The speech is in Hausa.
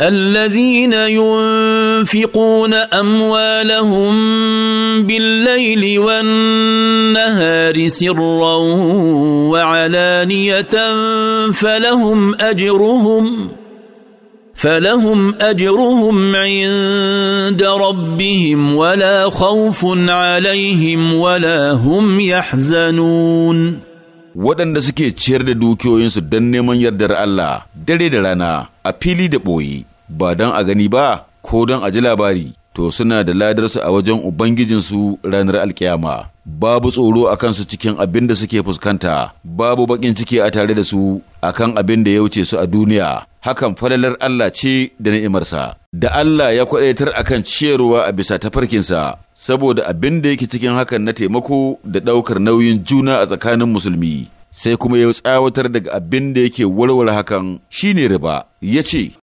الذين ينفقون اموالهم بالليل والنهار سرا وعلانيه فلهم اجرهم فلهم اجرهم عند ربهم ولا خوف عليهم ولا هم يحزنون waɗanda suke ciyar da dukiyoyinsu don neman yardar Allah dare da rana a fili da ɓoye, ba don a gani ba ko don a ji labari to suna da ladarsu a wajen Ubangijinsu ranar alkiyama. Babu tsoro a kansu cikin abin da suke fuskanta, babu baƙin ciki a tare da su a kan abin da ya wuce su a duniya, hakan falalar Allah ce da ni'imarsa. Da Allah ya kwaɗaitar a kan ciyarwa a bisa tafarkinsa, saboda abin da yake cikin hakan na taimako da ɗaukar nauyin juna a tsakanin musulmi sai kuma ya tsawatar daga abin da yake warware hakan shi ne riba ya ce